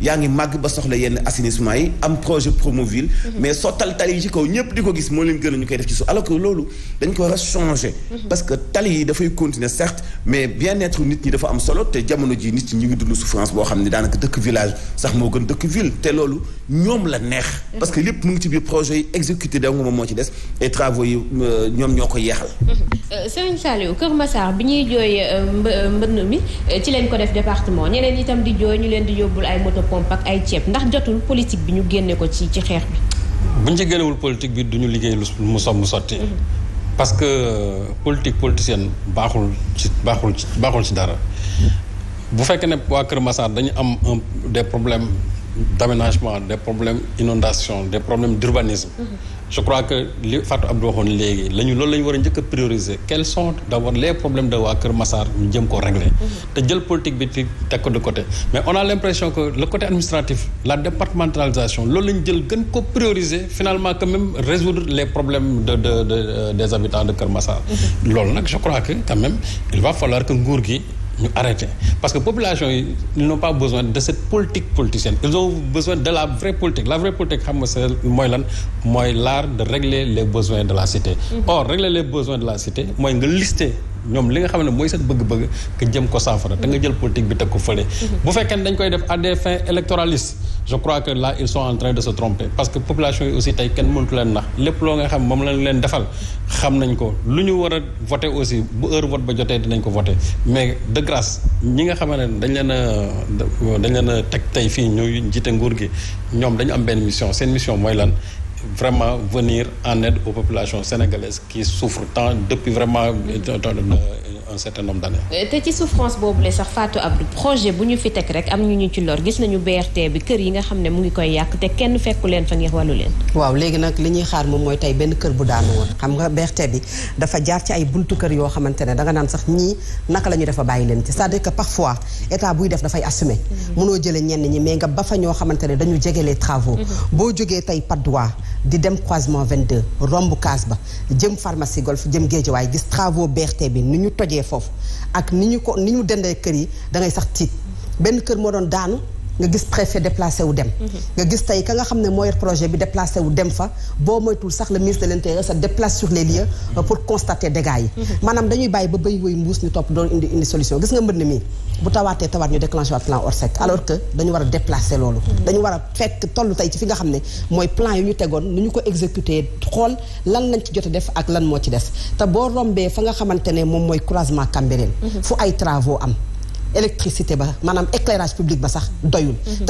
yaa ngi màgg ba soxla yenn assainissement yi am projet Promoville mhm. mais sottal tali yi ci kaw ñëpp di ko gis moo leen gën a ñu koy def ci suuf alors loolu dañ ko war a changer mhm. parce que tali yi dafay continuer certes mais bien-être nit ñi dafa am solo te jamono ji nit ñi ñu ngi dund souffrance boo xam ne daanaka dëkk village sax moo gën dëkk ville te loolu ñoom la neex. parce que lépp mu ngi ci biir projet yi exécuté da nga moom moo ci des et travaux yi euh, ñoom ñoo ko yeexal. Euh, Serigne Saliou Kër Massar bi ñuy jooy euh, mbënn mi ci leen ko def département ñeneen itam di jooy ñu leen di yóbbul ay moto pompe ak ay ceeb ndax jotul politique bi ñu génne ko ci ci xeex bi. buñ ci génnewul politique du ñu liggéey lu mu som mu sotti. Mhm. parce que politique politicienne baaxul ci baaxul ci baaxul ci dara. bu fekkee ne waa Kër Massar dañu am un des problèmes. d'aménagement des problèmes inondation des problèmes d'urbanisme mm je crois que li Fatou Abdou waxoon léegi la ñu loolu la ñu war a njëkk a prioriser quels sont d'abord les problèmes de waa Kër Massar ñu jëm ko régler mm-hmm. te jël politique bi ci teg ko de côté mais on a l'impression que le côté administratif la départementalisation loolu la ñu jël gën ko prioriser finalement quand même résoudre les problèmes de de, de, de euh, des habitants de Kër Massar mm-hmm. loolu nag je crois que quand il va falloir que nguur gi ñu arrêté parce que population yi ils n'ont pas besoin de cette politique politicienne ils ont besoin de la vraie politique la vraie politique xam nga c'est mooy lan mooy l'art de régler les besoins de la cité mhm. or régler les besoins de la cité mooy nga lister ñoom li nga xam ne mooy seen bëgg-bëgg nga jëm ko saafara te nga jël politique bi teg ko fële mhm. bu fekkee ne dañ koy def à des fins électoralistes je crois que là ils sont en train de se tromper parce que population yi aussi tey kenn mëntu leen nax lépp loo nga xam moom lañ leen defal xam nañ ko lu ñu war a aussi bu heure vote ba jotee dinañ ko voter mais de grâce ñi nga xamante ne dañ leen a dañ leen a teg tey fii ñuy jiite nguur gi ñoom dañu am benn mission seen mission mooy lan vraiment venir en aide aux populations sénégalaises qui souffrent tant depuis vraiment euh, un certain euh, te ci souffrance boobu la sax Fatou Abdou projet bu ñu fi teg rek am ñu ñu ci lor gis nañu BRT bi kër yi nga xam ne mu ngi koy yàq te kenn fekku leen fa ngir wàllu leen. waaw léegi nag li ñuy xaar moom mooy tey benn kër bu daanu woon xam nga BRT bi dafa jaar ci ay buntu kër yoo xamante ne danga naan sax ñii naka la ñu dafa bàyyi leen ci c'est-à-dire que parfois état buy def dafay assumer. Mm-hmm. mënoo jëlee ñenn ñi mais nga ba fa ñoo xamante ne dañu jege les travaux. Mm-hmm. boo jógee tey Padois di dem croisement 22 romb Casba jëm pharmacie Golf jëm Guédiawaye gis travaux BRT bi ni ñu tojee foofu ak ni ñu ko ni ñu dendee kër yi da ngay sax tiit benn kër moo doon daanu nga gis préfet déplacé nga gis tey ka nga xam ne moo yor projet bi déplacé fa boo moytul sax le ministre de l'intérieur se déplace sur les lieux euh, pour constater yi mhm. ba béy woy mbuus ñu topp doon indi indi solution gis nga mbënn mi bu tawaatee tawaat ñu déclenché waat plan mhm. a déplacer loolu mhm. dañu war a fekk toll tey ci fi nga xam ne mooy plan yu ñu tegoon nu ñu ko exécuté xool lan lañ ci jot def ak lan moo ci des te boo rombee fa nga xamante ne moom mooy croisement Cambérène fu ay travaux am électricité ba maanaam éclairage public ba sax doyul